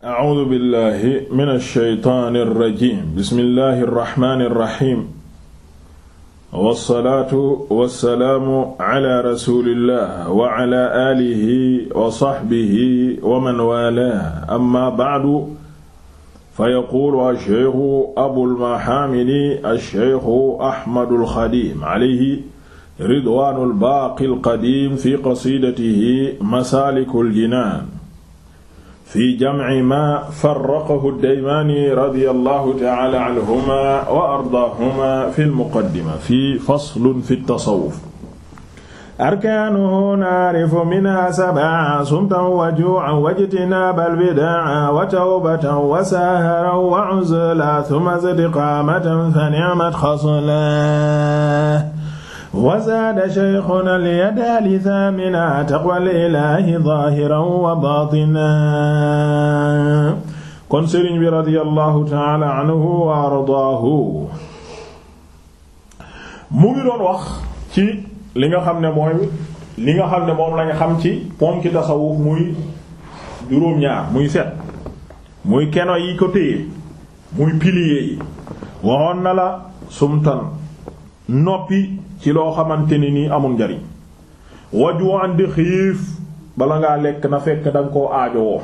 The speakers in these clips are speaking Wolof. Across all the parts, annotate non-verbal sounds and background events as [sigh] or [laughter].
A'uuzu billaahi mina shaytaani rajiim bismillaahi rahmaani rahiim. Wassalaatu wassalaamu alaa rasuulillaah wa alaa aalihi wa sahbihi wa man waalaahu ammaa ba'du. Fayaquulu ash-shaykhu abul mahaamidi ash-shaykhu Ahmadul Xadiim alayhi ridwaanul baaqil qadiim fi qasiidatihi masaalikul jinaan. fi jamci ma farraqahu daymaani radiyallahu ta'ala anhuma wa ardaahuma fi lmuqaddima fi faslun fi tasawwuf arkaanuhu naarifu minhaa sab'a sumtan wa juu'an wa ijtinaabal bidaa'a wa tawbatan wa saaharan wa uzlan thumma istiqaamatan fa ni'mat xaslaan wazaada shaykhuna lyadaali thamina taqwal ilaahi zaahiran wa baatina kon sëriñ bi radiyallahu taala anhu wa ardaahu mu ngi doon wax ci li nga xam ne mooy li nga xam ne moom lañu xam ci ponki tasawuf muy juróom-ñaar muy set muy keno yi ko téye muy pilier yi waxoon na la sumtan noppi ci loo xamante ni nii amul njariñ wajuwaan di xiif bala ngaa lekk na fekk danga koo aajowoo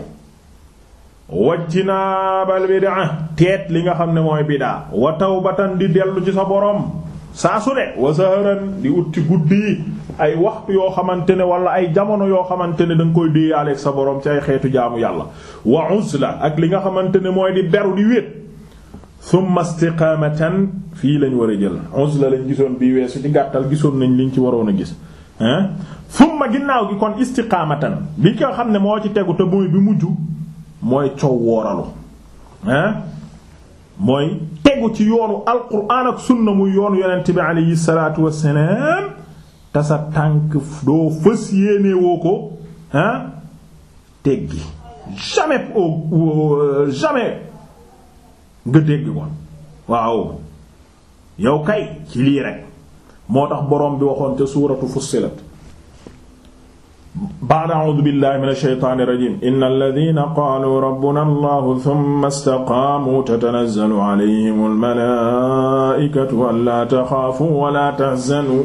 wajjinaabal bidaa teet li nga xam ne mooy bidaa wa tawbatan di dellu ci sa boroom saa su ne wa saharan di utti guddi yi ay waxtu yoo xamante ne wala ay jamono yoo xamante ne da koy déeyaaleeg sa boroom ci ay xeetu jaamu yàlla wa uzla ak li nga xamante ne mooy di beru di wéet thumma istiqaamatan fii lañ war a jël uzla lañ gisoon bii weesu ci gàttal gisoon nañ liñ ci waroon a gis hein thumma ginnaaw gi kon istiqaamatan bi ko xam ne moo ci tegu te mooy bi mujj mooy coow mooy tegu ci yoonu alquraan ak sunna muy yoonu bi alayhi salaatu wassalaam te sa tànk doo fës yéene ko hein teggi jamais oh, oh, jamais nga dégg ko waaw yow kay ci lii rek moo tax boroom bi waxoon ca suuratu fussilat ba'da a'uudu billahi minash shaytaanir rajiim innal ladhiina qaaluu rabbunaa allahu thumma istaqaamuu tatanazzalu alayhimul malaa'ikatu allaa taxaafuu wa laa tahzanuu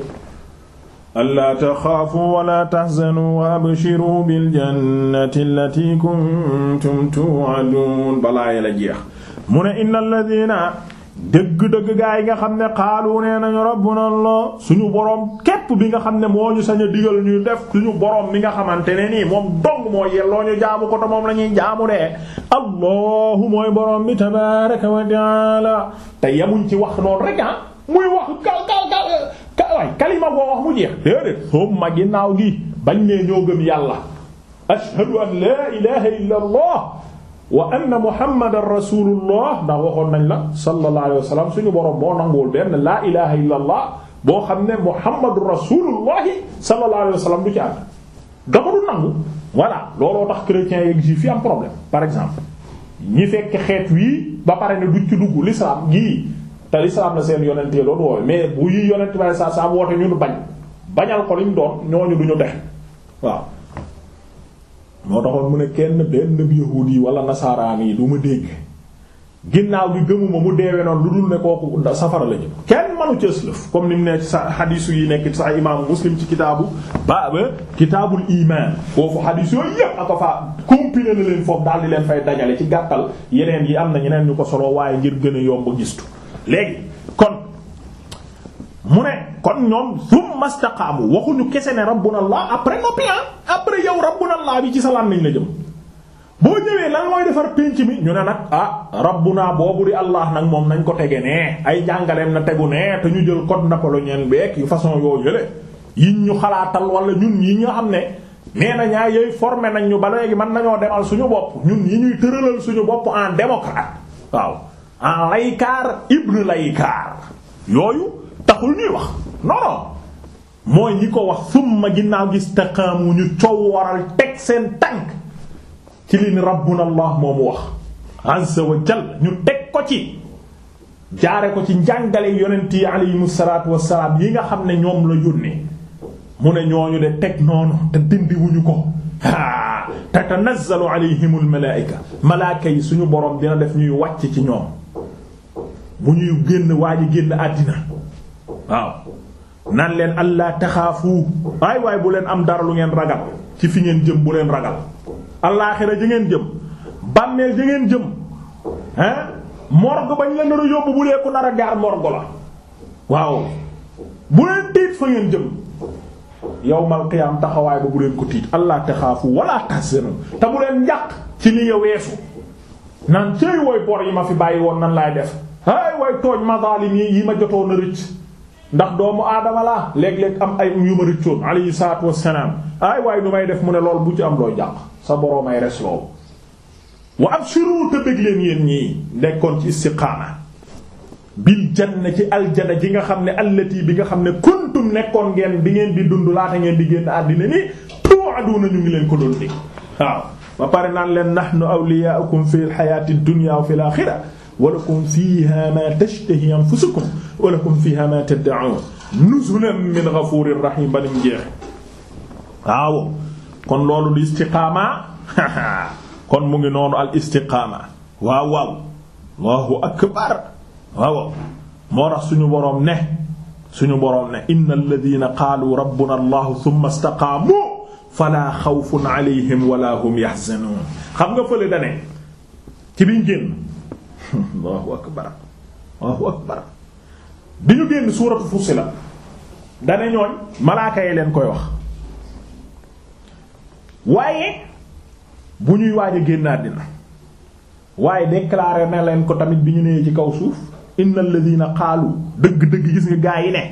allaa taxaafuu wa laa tahzanuu wa abshiruu bil jannati allatii kuntum tuu'aduun balaa yàlla jeex mu ne inna ladina dëgg-dëgg gaa yi nga xam ne xaalu nee nañu rabbuna allah suñu borom képp bi nga xam ne moo ñu sañ a digal ñu def suñu boroom bi nga xamante ne nii moom dong moo yelloo ñu jaamu ko te moom lañuy ñuy jaamu dee allahu mooy boroom bi tabaraka wa taala te yemuñ ci wax noonu rek ah muy wax kalima boo wax mu jeex déedéet summa ginnaaw gi bañ nee ñoo gëm yàlla ashhadu an la ilaha illa allah wa anna muhammadan rasulullah ndax waxoon nañ la sallallahu alayhi wa sallam suñu borom moo nanguwul benn laa ilaha illa allah boo xam ne muhammadu rasulullahi sallallahu alayhi wa sallam du ci ànd dama du nangu voilà looloo tax chrétiens yeeg juifs fi am problème par exemple ñi fekk xeet wii ba pare ne du ci dugg l'islam gii te l'islam na seen yonentee doon woowe mais bu yi yonent bale sa sa woote ñun bañ bañal ko liñ doon ñooñu duñu dex waaw moo taxoon mu ne kenn benn yahuud yi wala nasaraan yi du ma dégg ginnaaw bi gëmuma mu deewe noonu lu dul ne kooku safara la jëm kenn manu cëslëf comme ni mu ne sa xadiisu yi nekk sax imaamu muslim ci kitaabu ba kitaabul iman foofu xadiis yooyu yépp a ko fa compilé na leen foofu daal di leen fay dajale ci gàttal yeneen yi am na ñeneen ñu ko solo waaye ngir gën a yomb gistu léegi kon mu ne kon ñoom summa staqaamu waxuñu kese ne rabbuna allah après noppi ah après yow rabbuna allah bi ci sa làmmiñ la jëm boo ñëwee lan mooy defar pénc mi ñu ne nag ah rabbuna boobu di allah nag moom nañ ko tege nee ay jàngaleem na tegu nee te ñu jël code napoléonien beek yu façon yooyu yële yiñ ñu xalaatal wala ñun yi ñu xam ne nee na ñaa yooyu formé nañ ñu ba léegi mën nañoo demal suñu bopp ñun yi ñuy tëralal suñu bopp en démocrate waaw en laykaar ibn laykaar yooyu taxul ñuy wax non non mooy ñi ko wax summa ginnaaw gis taqaamu ñu coow waral teg seen tànk ci li ni rabbuna allah moomu wax azza wa jal ñu teg ko ci jaare ko ci njàngale yonent yi aleyhim salaatu wasalaam yi nga xam ne ñoom la yónnee mu ne ñooñu de teg noonu te dindiwuñu ko a te tanazzalu alayhim almalaika malaaka yi suñu boroom dina def ñuy wàcc ci ñoom bu ñuy génn waa ji génn àddina waaw nan leen allah taxaafu waay waay bu leen am dara lu ngeen ragal ci fi ngeen jëm bu leen ragal allaaxira ja ngeen jëm bàmmeel ja ngeen jëm ah morgue bañ leen nar a yóbbu bu leeku nar a jaar la waaw bu leen tiit fa ngeen jëm yawmal qiyaam taxawaay ba bu leen ko tiit allah taxaafu wala tahzanu te bu leen njàq ci li nga weesu naan céy wooy bor yi ma fi bàyyi woon nan laay def ay way tooñ ma zaalim yi ma jotoon a rëcc ndax doomu aadama laa léeg-léeg am ay yu ma rëccoon alayhi salaatu wassalaam ay waaye nu may def mu ne lool bu ci am looy jàq sa boroom ay res loolu wa abshiru te bëgg leen yéen ñii nekkoon ci istiqaama bil janna ci aljana ji nga xam ne allati bi nga xam ne kuntum nekkoon ngeen bi ngeen bi dund laata ngeen di génn àddina ni tu'aduna ñu ngi leen ko doon dégg waaw ba pare naan leen nahnu nu fil hayatid dunya wa fil akhirah wa lakum fiha ma tashtahi anfusukum wa lakum fiha ma tad'un nuzulan min ghafurir rahim banim jeex waaw kon loolu di istiqaama [laughs] kon mu ngi noonu al istiqaama waaw waaw allahu akbar waaw moo tax suñu boroom ne suñu boroom ne innal ladina qaalu rabbuna allah thumma istaqaamu fala xawfun alayhim wala hum yahzanun xam nga fële dane ci biñ génn [laughs] allahu akbar allahu akbar bi ñu génn suuratu Fussilat dane ñooñ malaaka yi leen koy wax waaye bu ñuy waaj a génn àddina waaye déclaré na leen ko tamit bi ñu nee ci kaw suuf innal ladina xaalu dëgg-dëgg gis nga gaa yi ne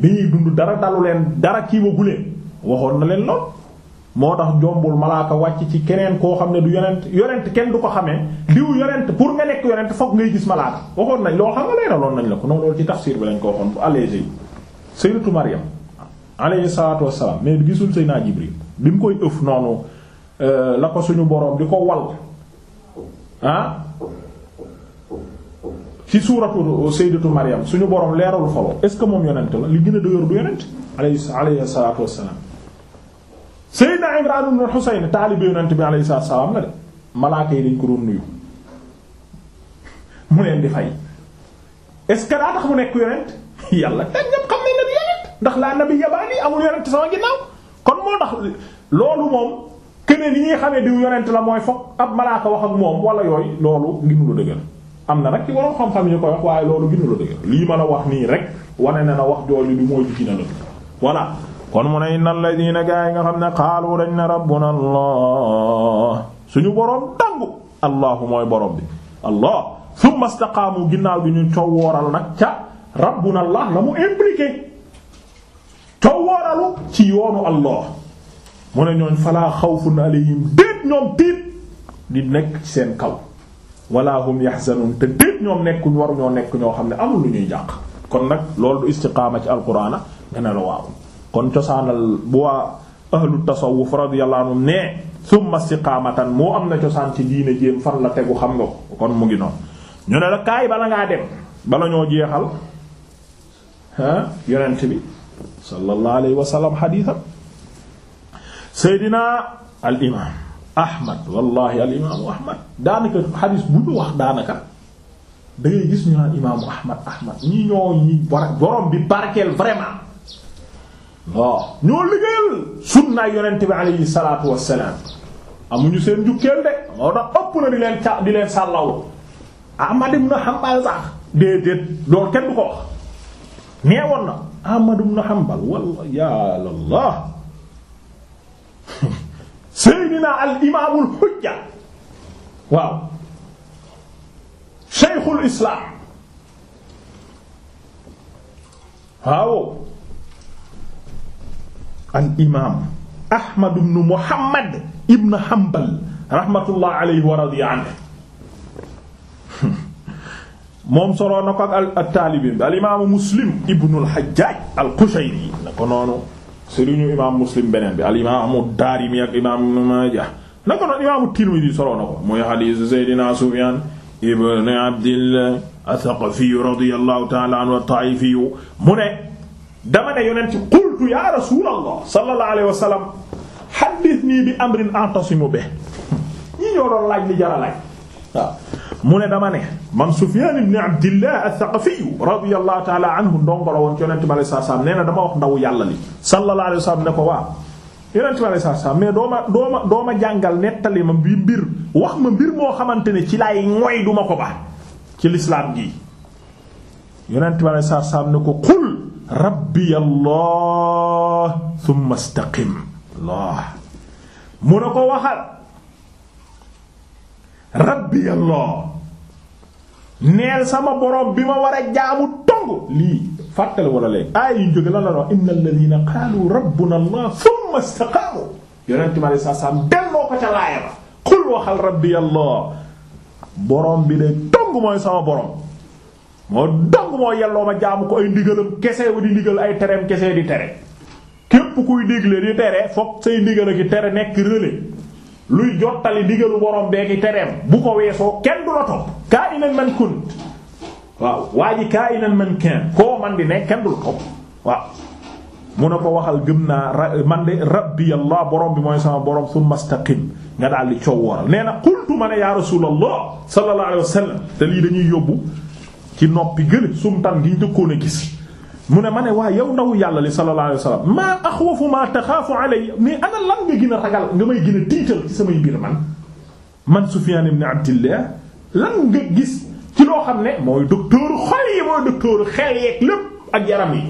bi ñuy dund dara dalu leen dara kiiwagu leen waxoon na leen lool moo tax jombul malaaka wàcc ci keneen koo xam ne du yonent yonent kenn du ko xamee liw yonent pour nga nekk yonent fokk ngay gis malaaka waxoon nañ loolu xam nga leena loon nañ la ko noonu loolu ci tafsir bi lañ ko waxoon bu allégé yi sayyidatu Maryam alayhi salatu wassalam mais gisul Seydina Jibril bi mu koy ëf noonu euh, la ko suñu boroom di ko wal ah ci suuratu euh, sayyidatu Maryam suñu boroom leeralu folo est ce que moom yonent la li gën a dëgër a yonent alayhi salatu wassalam Seydina Imraan ibn Husayn taalibe yonent bi alayhi salaatu salaam la de malaaka yi dañ ko doon nuyu mu leen di fay est-ce que daa tax mu nekk yonent yàlla teg ñépp xam nañ ne yonent ndax laa nabi yabaani amul yonent sama ginnaaw kon moo tax loolu moom keneen li ñuy xamee diw yonent la mooy fokk ab malaaka wax ak moom wala yooyu loolu ginu la dëggal am na nag ci waroon xam-xam ñu koy wax waaye loolu ginu la dëggal lii ma la wax nii rek wane na na wax jooju bi mooy kon mu ne inna alladina gaa yi nga xam ne xaalu dañ ne rabbuna allah suñu boroom dangu mooy boroom bi allah summa istaqaamu ginnaaw gi ñu coow wooral nag ca rabbuna allah la mu impliqué coow ci yoonu allah mu ne ñooñ falaa xawfun alayhim déet ñoom tiit di nekk seen kaw wala hum yahzanun te déet ñoom nekkuñ waruñoo nekk ñoo xam ne amul lu ñuy jàq kon nag loolu du istiqaama ci alquraan nga ne la waaw kon cosaanal bu waa ahlu tasawuf radiyallahu anhum ne summa istiqaamatan moo am na cosaan ci diine jéem fan la tegu xam nga kon mu ngi noonu ñu ne la kaay bala ngaa dem bala ñoo jeexal ah bi sallallahu alayhi wa sallam xadiisam seydina al imaam wallahi al imaamu daanaka xadiis bu ñu wax daanaka da gis ñu naan imaamu ahmad ahmad ñi ñoo ñi borom bi barkeel vraiment waaw ñoo liggéeyal sunnaay yonent bi alayhi salaatu wassalaam amuñu seen njukkeel de di leen ca di leen sàllaw Ahmad [laughs] al imaamul hujja waaw Shaykhul Islam al imaam Ahmad ibn Muhammad ibn Hanbal rahmatullah alayhi wa radiya anhu [laughs] moom soroon na ko ak al taalibi al imaamu Muslim ibn al Hajjaj al Qushayri na ko noonu sëriñu imaam Muslim beneen bi al imaamu Daarimi ak imaam Ibn Maajah na ko noonu imaamu Tirmidi soroon na ko mooy hadiis Seydina Sufyaan ibn Abdillah as-Saqafi radiyallahu ta'ala anhu at-Taa'ifi mu ne dama ne yonent qultu ya rasulallah sallallahu alayhi wa sallam haddithni bi amrin antasimu be ñi ñoo doon laaj li jara mu ne dama ne man Sufyan ibn Abdillah ath-Thaqafi radiyallahu ta'ala anhu ndongo la woon ci yonent bi alayhi salaam nee na dama wax ndaw yàlla li sallallahu alayhi ne ko waaw yonent bi alayhi salaam mais dooma ma doo ma jàngal nettali ma bi mbir wax ma mbir moo xamante ne ci laay moy duma ko ba ci lislaam gi yonent bi alayhi rabbi allah thumma istaqim allah mu ne ko waxal rabbi allah neel sama borom bi ma war a jaamu tong lii fàttale wala léegi aaya yu jóge lan la wax inna alladhina qaalu rabbuna allah thumma istaqaamu yonente mi alayhi salaam delloo ko ca laaya ba qul waxal rabbi allah borom bi de tong mooy sama borom moo dong moo yelloo ma jaamu ko ay ndigalam kese di ndigal ay tereem kese di tere képp kuy digle di tere fokk say ndigal ak tere nekk relais luy jottali ndigalu borom bee ki tereem bu ko weesoo kenn du la topp kaa inan man kunt waaw waa ji kaa inan man kenn koo man di ne kenn du la topp waaw mu ne ko waxal gëm naa man de rabbi allah borom bi mooy sama borom summa staqim nga daal di coow waral nee na qultu ma ne ya rasul allah sallallahu alayhi wa sallam dañuy yóbbu ci noppi gële sumtan gi ñu dëkkoon a gis mu ne ma ne waaye yow ndaw yàlla li sallallahu alayhi maa axwafu maa taxaafu alayya mais ana lan nga a ragal nga may gën a man man Sufyaan ibn Abdillah gis ci loo xam ne mooy docteur xol yi mooy docteur xel yeeg lépp ak yaram yi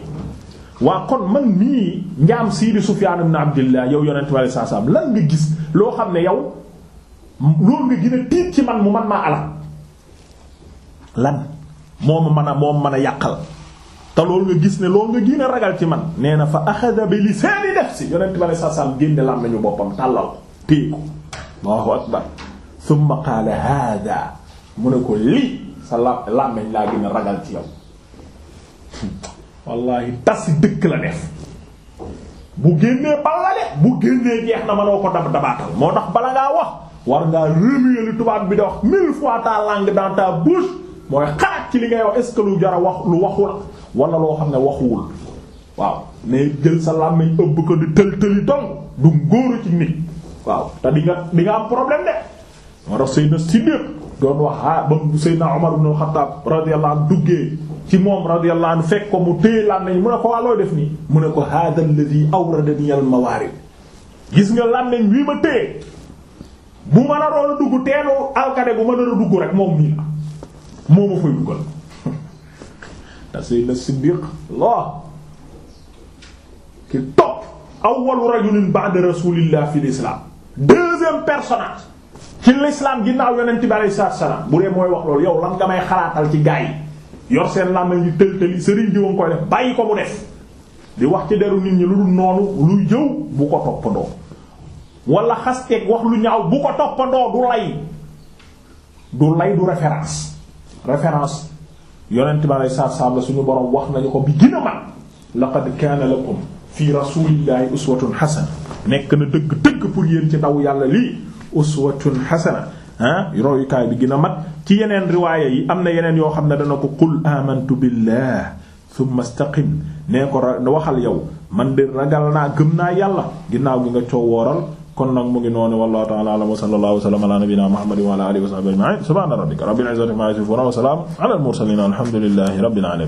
waa kon man mii njaam sii di Sufyaan ibn Abdillah yow yonent bi sallallahu alayhi lan nga gis loo xam ne yow loolu nga gën a tiit ci man mu man maa alal lan moom mën a moom mën a yàqal te loolu nga gis ne loolu nga gën ragal ci man nee na fa axada bi lisaani si yonent bi alei sat selaam génne lam nañu boppam tàllal ko téeku Allahu akbar ne ko lii sa la laa gën a ragal ci yow [laughs] wallahi dëkk la def bu génnee bal bu génnee jeex na mënoo ko dab dabaatal moo tax bala ngaa wax war ngaa remuer tubaab bi da wax mille fois ta langue dans mooy xalaat ci li ngay wax est-ce lu wax lu waxu la wala loo xam ne waxuwul waaw mais jël sa làmmiñ ëbb ko di tël tëli dong du ngóoru ci nit waaw te di nga di nga am problème de moo tax Seydina Siddiq doon wax ah ba Seydina Omar ibn Khattab radiyallahu anhu duggee ci moom radiyallahu anhu fekk ko mu téye làmmiñ mu ne ko waa looy def nii mu ne ko hadha alladhi awradani al mawarid gis nga làmmiñ wi ma téye bu ma naroon a dugg teenu alkade bu ma naroon a dugg rek moom nii moo ma fay dugal [laughs] te Seydina Siddiq Allah ki topp awwalu rajulin ba'da rasulillah fi l'islam deuxième personnage ci l'islam ginnaaw yonent bi alayhi salaam bu dee mooy wax loolu yow lan nga may xalaatal ci gaa yi yor seen lan ñu tël tëli sëriñ diwa koy def bàyyi ko mu def di wax ci deru nit ñi lu dul noonu luy jëw bu ko toppandoo wala xasteeg wax lu ñaaw bu ko toppandoo du lay du lay du référence référence yonent ma lay saab la suñu borom wax nañu ko bi gën a mag laqad kaana lakum fii rasulillahi uswatun hasana nekk na dëgg-dëgg pour yéen ci ndaw yàlla lii uswatun hasana ah royukaay bi gën a mag ci yeneen riwaaya yi am na yeneen yoo xam ne dana ko qul amantu billah thumma istaqim ne ko waxal yow man de ragal naa gëm naa yàlla ginnaaw gi nga coowooral kon nag mu ngi noonu wallahu ta'ala a'lam wa sallallahu wa sallama ala nabiyyina muhammadin wa ala alihi wa sahbihi ajma'in subhana rabbika rabbil izzati amma yasifun wa salamun ala al mursalin walhamdulillahi rabbil alamin